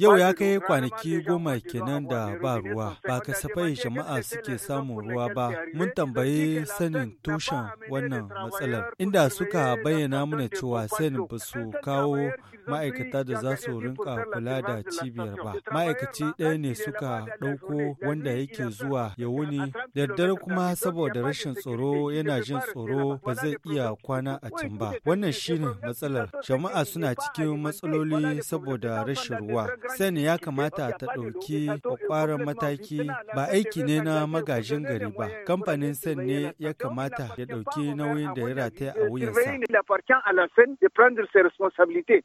Yau ya kai kwanaki goma kenan da ba ruwa, ba kasafai jama'a suke samun ruwa ba. Mun tambayi sanin tushen wannan matsalar, inda suka bayyana mana cewa sanin ba su kawo ma'aikata da za su rinka kula da cibiyar ba. Ma'aikaci ɗaya ne suka ɗauko wanda yake zuwa ya wuni daddare kuma saboda rashin tsoro yana jin tsoro ba zai iya kwana a can ba wannan shine matsalar jama'a suna cikin matsaloli saboda rashin ruwa sani ya kamata ta ɗauki kwakwaran mataki ba aiki ne na magajin gari ba kamfanin san ne ya kamata ya ɗauki nauyin da ya rataya a wuyansa